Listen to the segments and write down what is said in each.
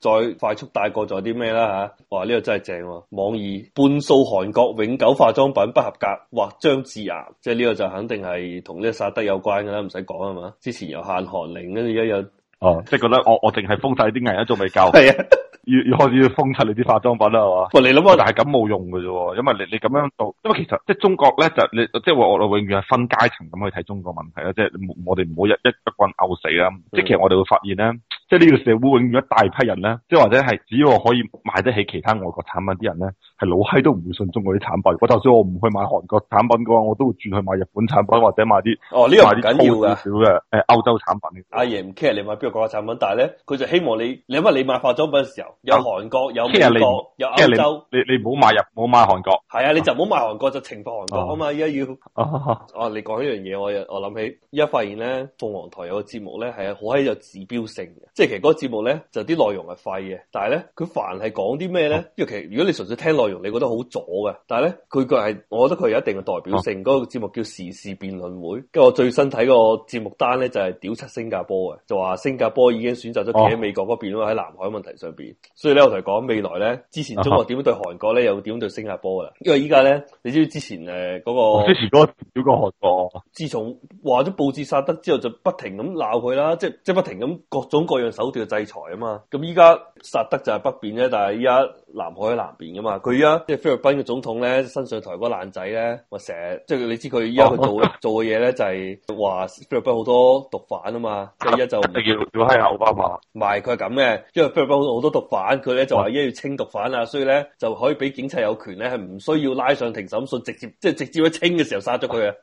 再快速帶過咗啲咩啦吓？哇！呢、這個真係正喎。網易半數韓國永久化妝品不合格，或將致癌，即係呢個就肯定係同呢個薩德有關噶啦，唔使講係嘛？之前又限韓令，跟住而家又哦，即係覺得我我淨係封晒啲藝，都仲未夠係啊。要要開始要封殺你啲化妝品啦，係嘛？喂，你諗下，但係咁冇用嘅啫，因為你你咁樣做，因為其實即係中國咧就你即係話我哋永遠係分階層咁去睇中國問題啦，一是即係我哋唔好一一棍毆死啦。即係其實我哋會發現咧，即係呢就是這個社會永遠一大批人咧，即係或者係只要我可以買得起其他外國產品啲人咧，係老閪都唔會信中國啲產品。我就算我唔去買韓國產品嘅話，我都會轉去買日本產品或者買啲哦呢、這個緊要嘅，少嘅誒歐洲產品、啊。阿爺唔 care 你買邊個國家產品，但係咧佢就希望你你因為你買化妝品。有韓國、啊、有美國、有歐洲，你你唔好買入，唔好買韓國。係啊，你就唔好買韓國，就懲罰韓國、啊、好嘛！依家要哦、啊啊、你講呢樣嘢，我我諗起依家發現咧，鳳凰台有個節目咧係好喺有指標性嘅，即係其實嗰個節目咧就啲內容係廢嘅，但係咧佢凡係講啲咩咧，因為其實如果你純粹聽內容，你覺得好左嘅，但係咧佢個係，我覺得佢有一定嘅代表性。嗰、啊那個節目叫時事辯論會，跟住我最新睇個節目單咧就係屌出新加坡嘅，就話新加坡已經選擇咗企喺美國嗰邊咯，喺南海問題上邊。啊啊所以咧，我同你講，未來咧，之前中國點樣對韓國咧，又點樣對新加坡噶啦。因為依家咧，你知唔知之前誒嗰個，之前嗰個韓國，自從話咗布置薩德之後，就不停咁鬧佢啦，即係即係不停咁各種各樣手段制裁啊嘛。咁依家。殺得就係北邊啫，但係依家南海喺南邊噶嘛。佢依家即係菲律賓嘅總統咧，身上台嗰個爛仔咧，我成日即係你知佢依家佢做 做嘅嘢咧，就係話菲律賓好多毒販啊嘛。即係一就唔要要閪阿奧巴馬。唔係佢係咁嘅，因為菲律賓好多毒販，佢咧就話一要清毒販啊，所以咧就可以俾警察有權咧，係唔需要拉上庭審訊，直接即係直接喺清嘅時候殺咗佢 啊。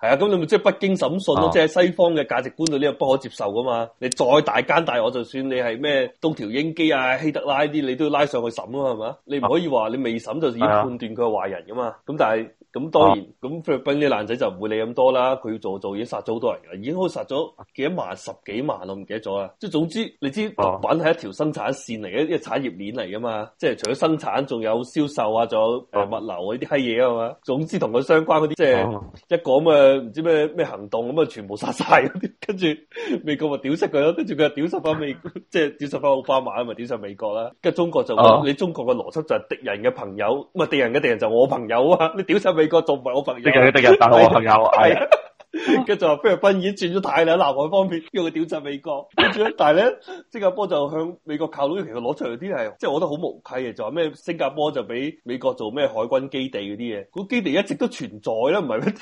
係啊，咁你咪即係北京審訊咯， 即係西方嘅價值觀度呢個不可接受噶嘛。你再大奸大惡，就算你係咩東條英機啊，希特拉啲你都要拉上去審啦，係嘛、啊？你唔可以話你未審就已經判斷佢係壞人噶嘛？咁但係。咁當然，咁菲律賓啲爛仔就唔會理咁多啦。佢要做做已經殺咗好多人啦，已經好殺咗幾萬、十幾萬咯，唔記得咗啊！即係總之，你知毒品係一條生產線嚟嘅，一個產業鏈嚟噶嘛。即係除咗生產，仲有銷售啊，仲有物流啊，呢啲閪嘢啊嘛。總之同佢相關嗰啲，即係一講啊，唔知咩咩行動咁啊，全部殺曬。跟 住美國咪屌殺佢咯，跟住佢屌殺翻美國， 即係屌殺翻奧巴馬啊嘛，屌殺美國啦。跟住中國就話、uh -huh. 你中國嘅邏輯就係敵人嘅朋友，唔係敵人嘅敵人就我朋友啊！你屌美國做唔係我朋友，敵人敵人，但係我朋友係，跟住話菲律賓已經轉咗軚啦，南海方面要佢調查美國， 但係咧，新加坡就向美國靠攏，其實攞出嚟啲係，即係我覺得好無稽嘅，就話咩新加坡就俾美國做咩海軍基地嗰啲嘢，個基地一直都存在啦，唔係咩？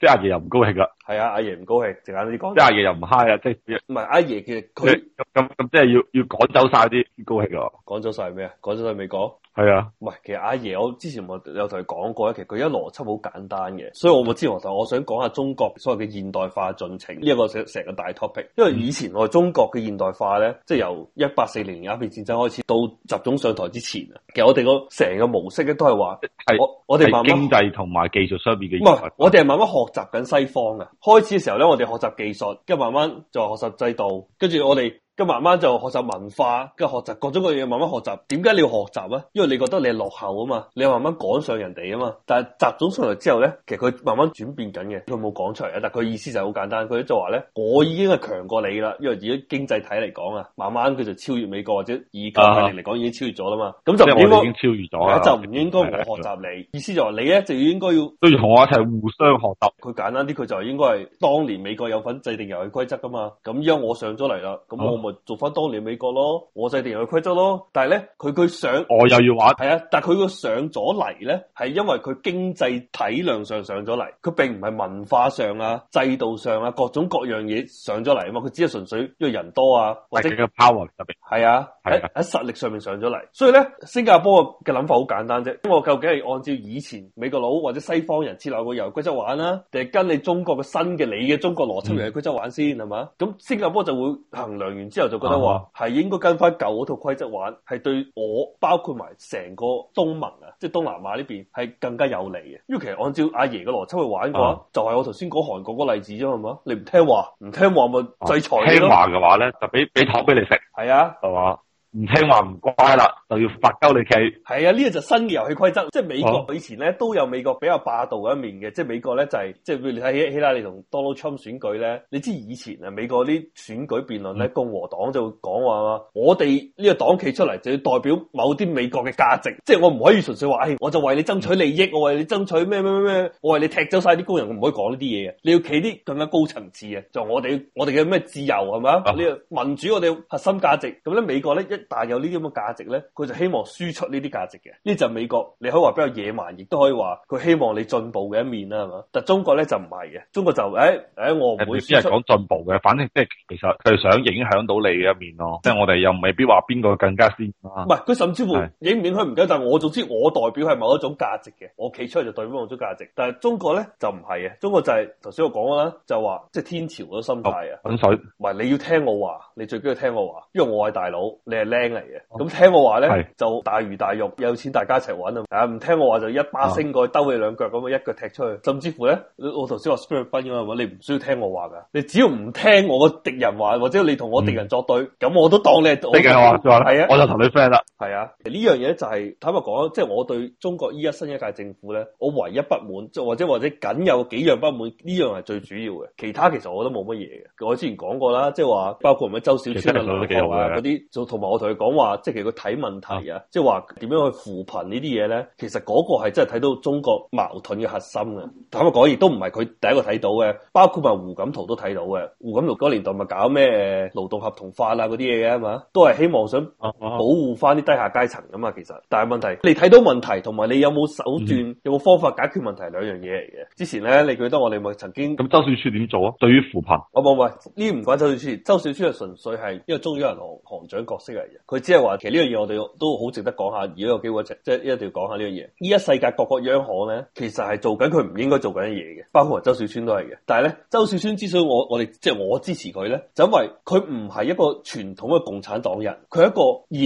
即係阿爺又唔高興啦，係啊，阿爺唔高興，直眼你講，阿爺又唔 high 啊，即係唔係阿爺其實佢。咁咁即係要要趕走晒啲高氣咯，趕走晒咩啊？趕走晒美國？係啊，唔係其實阿爺，我之前我有同佢講過咧，其實佢而家邏輯好簡單嘅，所以我冇知我同我想講下中國所謂嘅現代化進程呢一、這個成成個大 topic。因為以前我哋中國嘅現代化咧、嗯，即係由1840年一八四零年鴉片戰爭開始到習總上台之前啊，其實我哋個成個模式咧都係話係我我哋慢慢經濟同埋技術方面嘅我哋係慢慢學習緊西方嘅。開始嘅時候咧，我哋學習技術，跟住慢慢就學習制度，跟住我哋。咁慢慢就學習文化，跟學習各種各樣嘢，慢慢學習。點解你要學習啊？因為你覺得你落後啊嘛，你又慢慢趕上人哋啊嘛。但係集中上嚟之後咧，其實佢慢慢轉變緊嘅。佢冇講出嚟啊，但佢意思就係好簡單。佢就話咧，我已經係強過你啦。因為如果經濟體嚟講啊，慢慢佢就超越美國或者以家嚟講已經超越咗啦嘛。咁、啊啊、就唔應該、啊啊，就唔應該我學習你。對對對對，意思就話你咧就應該要都要同我一齊互相學習。佢簡單啲，佢就係應該係當年美國有份制定遊戲規則噶嘛。咁而家我上咗嚟啦，咁我、啊。做翻當年美國咯，我制定嘅規則咯，但係咧佢佢上，我又要玩，係啊，但係佢個上咗嚟咧，係因為佢經濟體量上上咗嚟，佢並唔係文化上啊、制度上啊、各種各樣嘢上咗嚟啊嘛，佢只係純粹因為人多啊，或者嘅 power 係啊。喺喺實力上面上咗嚟，所以咧，新加坡嘅諗法好簡單啫。因為究竟係按照以前美國佬或者西方人設立個遊戲規則玩啦，定係跟你中國嘅新嘅你嘅中國邏輯遊戲規則玩先係嘛？咁新加坡就會衡量完之後就覺得話係應該跟翻舊嗰套規則玩，係對我包括埋成個東盟啊，即係東南亞呢邊係更加有利嘅。因為其實按照阿爺嘅邏輯去玩嘅話，就話，話，就、啊話，就係我頭先講韓國個例子啫，係嘛？你唔聽話，唔聽話咪制裁咯。聽話嘅話咧，就俾俾糖俾你食。係啊，係嘛？唔聽話唔乖啦，就要發鳩你企。係啊，呢個就新嘅遊戲規則，即係美國以前咧都有美國比較霸道一面嘅、啊，即係美國咧就係、是，即係譬如你睇希希拉里同 Donald Trump 選舉咧，你知以前啊，美國啲選舉辯論咧，共和黨就會講話我哋呢個黨企出嚟就要代表某啲美國嘅價值，即係我唔可以純粹話，哎，我就為你爭取利益，嗯、我為你爭取咩咩咩，我為你踢走晒啲工人，我唔可以講呢啲嘢嘅。你要企啲更加高層次嘅，就我哋我哋嘅咩自由係咪？呢個、嗯、民主我哋核心價值。咁咧美國咧一。但有呢啲咁嘅價值咧，佢就希望輸出呢啲價值嘅。呢就美國你可以話比較野蠻，亦都可以話佢希望你進步嘅一面啦，係嘛？但中國咧就唔係嘅，中國就誒誒、哎哎，我唔會輸出。先係講進步嘅，反正即、就、係、是、其實佢想影響到你嘅一面咯。即係我哋又未必話邊個更加先，唔係佢甚至乎影唔影響唔緊，但係我總之我代表係某一種價值嘅，我企出嚟就代表某一種價值。但係中國咧就唔係嘅，中國就係頭先我講啦，就話即係天朝嘅心態啊，咁水。唔係你要聽我話，你最緊要聽我話，因為我係大佬，你係聽嚟嘅咁聽我話咧就大魚大肉，有錢大家一齊玩啊！唔聽我話就一巴星過去、啊、兜你兩腳咁啊，樣一腳踢出去。甚至乎咧，我頭先話 spirit 分咁啊，你唔需要聽我話噶，你只要唔聽我個敵人話，或者你同我敵人作對，咁、嗯、我都當你係。你嘅話就係啊，我就同你 friend 啦，係啊。呢樣嘢就係、是、坦白講，即、就、係、是、我對中國依家新一屆政府咧，我唯一不滿，即或者或者僅有幾樣不滿，呢樣係最主要嘅。其他其實我都冇乜嘢嘅。我之前講過啦，即係話包括唔係周小川啊、嗰啲，就同埋我同佢講話，即係佢睇問題啊，即係話點樣去扶貧呢啲嘢咧？其實嗰個係真係睇到中國矛盾嘅核心啊！坦白講，亦都唔係佢第一個睇到嘅，包括埋胡錦濤都睇到嘅。胡錦濤嗰年代咪搞咩勞動合同法啊嗰啲嘢嘅嘛，都係希望想保護翻啲低下階層噶嘛。其實，但係問題你睇到問題，同埋你有冇手段，嗯嗯有冇方法解決問題係兩樣嘢嚟嘅。之前咧，你覺得我哋咪曾經咁周小川點做啊？對於扶貧，哦冇，喂，呢唔關周小川。周小川係純粹係因為中央銀行行長角色嚟。佢只係話，其實呢樣嘢我哋都好值得講下，如果有機會即係一定要講下呢樣嘢。依家世界各個央行咧，其實係做緊佢唔應該做緊嘅嘢嘅，包括周小川都係嘅。但係咧，周小川之所以我我哋即係我支持佢咧，就因為佢唔係一個傳統嘅共產黨人，佢係一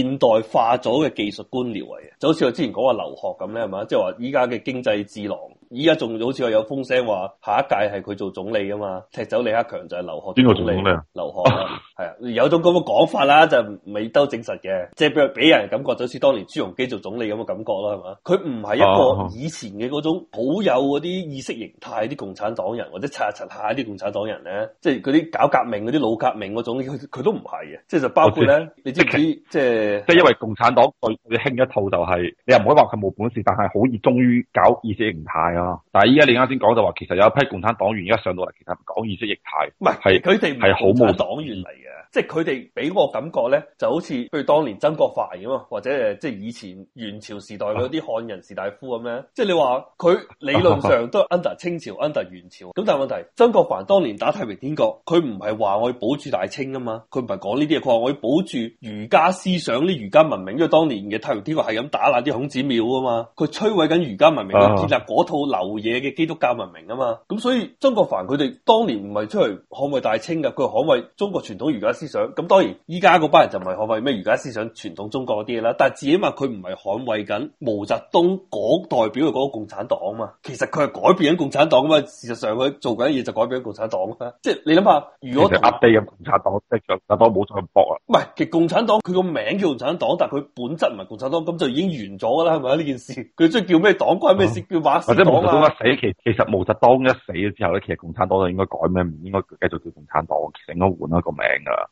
個現代化咗嘅技術官僚嚟嘅。就好似我之前講話劉鶴咁咧，係嘛？即係話依家嘅經濟智囊，依家仲好似話有風聲話下一屆係佢做總理啊嘛，踢走李克強就係劉鶴。邊個總理啊？劉鶴 有種咁嘅講法啦，就未都證實嘅，即係俾俾人感覺就好似當年朱鎔基做總理咁嘅感覺啦，係嘛？佢唔係一個以前嘅嗰種好有嗰啲意識形態啲共產黨人，或者刷刷下啲共產黨人咧，即係嗰啲搞革命嗰啲老革命嗰種，佢都唔係嘅。即係就包括咧，你知唔知道？即係即係、就係、因為共產黨佢佢興一套就係、是，你又唔可以話佢冇本事，但係好熱衷於搞意識形態啊。但係依家你啱先講就話，其實有一批共產黨員而家上到嚟，其實唔講意識形態，唔係係佢哋唔係好冇黨員嚟嘅。即係佢哋俾我感覺咧，就好似譬如當年曾國藩咁啊，或者即係以前元朝時代嗰啲漢人士大夫咁咧、啊。即係你話佢理論上都係 under 清朝、啊、under 元朝，咁但係問題曾國藩當年打太平天國，佢唔係話我要保住大清噶嘛，佢唔係講呢啲嘢。佢話我要保住儒家思想啲儒家文明，因為當年嘅太平天國係咁打爛啲孔子廟啊嘛，佢摧毀緊儒家文明，佢建立嗰套流嘢嘅基督教文明啊嘛。咁、啊、所以曾國藩佢哋當年唔係出嚟捍衛大清噶，佢捍衛中國傳統儒家思想咁，當然依家嗰班人就唔係捍衛咩儒家思想，傳統中國嗰啲嘢啦。但係自己嘛，佢唔係捍衛緊毛澤東講代表嘅嗰個共產黨嘛。其實佢係改變緊共產黨嘛。事實上佢做緊嘢就改變緊共產黨啊。即係你諗下，如果 update 嘅共產黨，即係共產黨冇咁搏啊。唔係，其實共產黨佢個名叫共產黨，但係佢本質唔係共產黨，咁就已經完咗噶啦，係咪呢件事佢即係叫咩黨，關、啊、咩事？叫馬、啊？或者毛澤東一死，其實其實毛澤東一死咗之後咧，其實共產黨就應該改咩？唔應該繼續叫共產黨，成日換一個名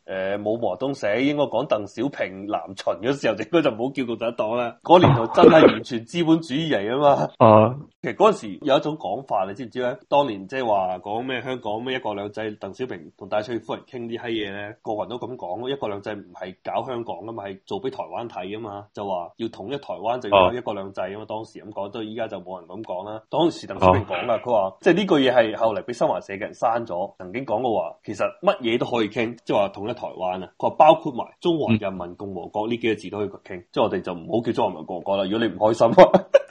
誒，冇毛澤東寫，應該講鄧小平南巡嗰時候，就應該 就唔好叫共產黨啦。嗰年頭真係完全資本主義嚟啊嘛。 其實嗰陣時有一種講法，你知唔知咧？當年即係話講咩香港咩一國兩制，鄧小平同戴翠夫人傾啲閪嘢咧，個個人都咁講，一國兩制唔係搞香港噶嘛，係做俾台灣睇噶嘛，就話要統一台灣就要一國兩制啊嘛。 當時咁講，都，依家就冇人咁講啦。當時鄧小平講噶，佢話即係呢句嘢係後嚟俾新華社嘅人刪咗，曾經講過話，其實乜嘢都可以傾，即啊，統一台灣啊，佢話包括埋中華人民共和國呢幾個字都可以傾、嗯。即係我哋就唔好叫中華人民共和國啦。如果你唔開心。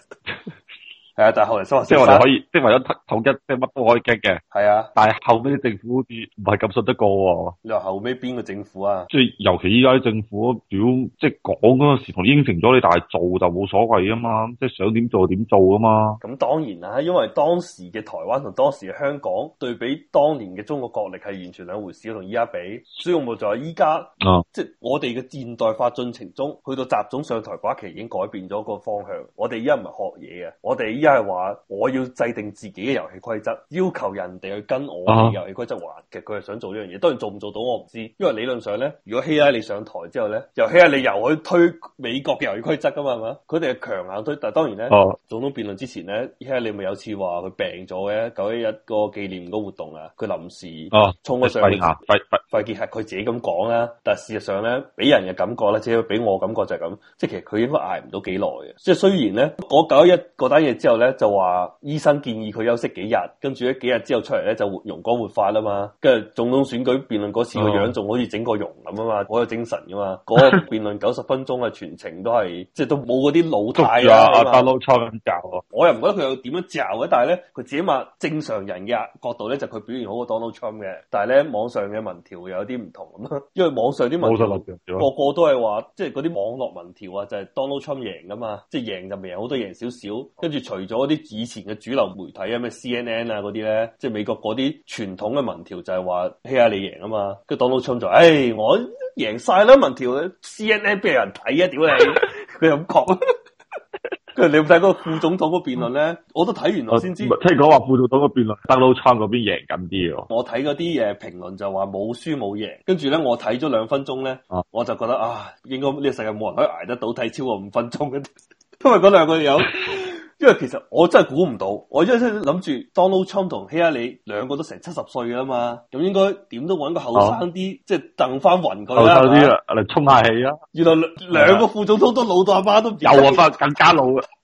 係、啊，但係後嚟收即係我哋可以，即係為咗統一，即係乜都可以 g 嘅。係啊，但係後尾啲政府好似唔係咁信得過喎、啊。你話後尾邊個政府啊？即係尤其依家啲政府主要，屌即係講嗰陣時同應承咗你，但係做就冇所謂啊嘛！即係想點做點做啊嘛！咁當然啦、啊，因為當時嘅台灣同當時嘅香港對比，當年嘅中國國力係完全兩回事，同依家比。主要冇就係依家，即係我哋嘅現代化進程中，去到習總上台嗰一期已經改變咗個方向。我哋依家唔係學嘢嘅，我哋依家。即係話，我要制定自己嘅遊戲規則，要求人哋去跟我嘅遊戲規則玩。其實佢係想做呢樣嘢，當然做唔做到我唔知，因為理論上咧，如果希拉里上台之後咧，由希拉里又去推美國嘅遊戲規則噶嘛，係嘛？佢哋係強硬推，但係當然咧，總統辯論之前咧，希拉里咪有次話佢病咗嘅九一一個紀念個活動啊，佢臨時哦衝咗上嚟，肺肺肺結核佢自己咁講啦。但係事實上咧，俾人嘅感覺咧，至少俾我感覺就係咁，即係其實佢應該挨唔到幾耐嘅。即係雖然咧，嗰九一嗰單嘢之後。後就咧就話醫生建議佢休息幾日，跟住咧幾日之後出嚟咧就活容光煥發啦嘛，跟住總統選舉辯論嗰次個、嗯、樣仲好似整個容咁啊嘛，好有精神噶嘛，嗰 個辯論九十分鐘啊，全程都係即係都冇嗰啲老態啊、 嗯、Donald Trump 教啊，我又唔覺得佢有點樣嚼嘅、啊，但係咧佢起碼正常人嘅角度咧就佢、是、表現好過 Donald Trump 嘅，但係咧網上嘅民調又有啲唔同咁咯，因為網上啲民調、啊、個個都係話即係嗰啲網絡民調啊就係、是、Donald Trump 贏噶嘛，即、就、係、是、贏，贏，贏就贏，好多贏少少，跟住除。贏除咗啲以前嘅主流媒體 CNN、哎、CNN 啊，咩 C N N 啊嗰啲咧，即係美國嗰啲傳統嘅民調就係話希拉莉贏啊嘛，跟住特朗普就，誒，我贏晒啦，民調呢 CNN 邊有人睇啊，屌你，佢又咁狂，佢 你有冇睇嗰個副總統個辯論咧？我都睇完我先知，聽講話副總統個辯論特朗普嗰邊贏緊啲喎。我睇嗰啲嘢評論就話冇輸冇贏，跟住咧我睇咗兩分鐘咧，我就覺得啊，應該呢、這個、世界冇人可以捱得到睇超過五分鐘嘅，因為嗰兩個有。因為其實我真係估唔到，我因為諗住 Donald Trump 同希拉里兩個都成七十歲噶嘛，咁應該點都揾個後生啲，哦、即係掟翻暈佢啦。後生啲啊，嚟充下氣啊！原來兩個副總統都老到阿媽都有啊，翻更加老啊！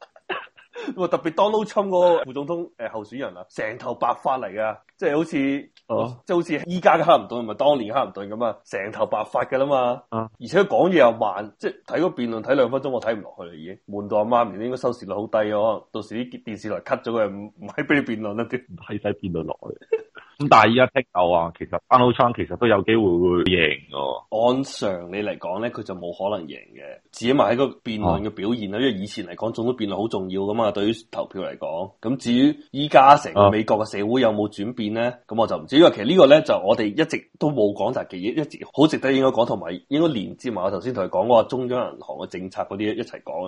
特別 Donald Trump 嗰個副總統誒候選人啊，成頭白髮嚟㗎，即係好似，哦、啊，即係好似依家嘅克林頓，唔係當年克林頓咁啊，成頭白髮㗎喇嘛，啊！而且他講嘢又慢，即係睇個辯論睇兩分鐘，我睇唔落去啦，已經悶媽媽。悶到阿媽唔應該收視率好低哦，可能到時啲電視台 cut 咗佢，唔唔係畀你辯論啦，即係睇辯論落去？ 咁但係依家聽我啊，其實班老倉其實都有機會會贏嘅。按常理嚟講咧，佢就冇可能贏嘅。指埋喺個辯論嘅表現啦、啊，因為以前嚟講，總都辯論好重要噶嘛，對於投票嚟講。咁至於依家成個美國嘅社會有冇轉變咧？咁、啊、我就唔知。因為其實個呢個咧，就是、我哋一直都冇講，就係記憶，一直好值得應該講，同埋應該連接埋我頭先同你講過，我中央銀行嘅政策嗰啲一齊講。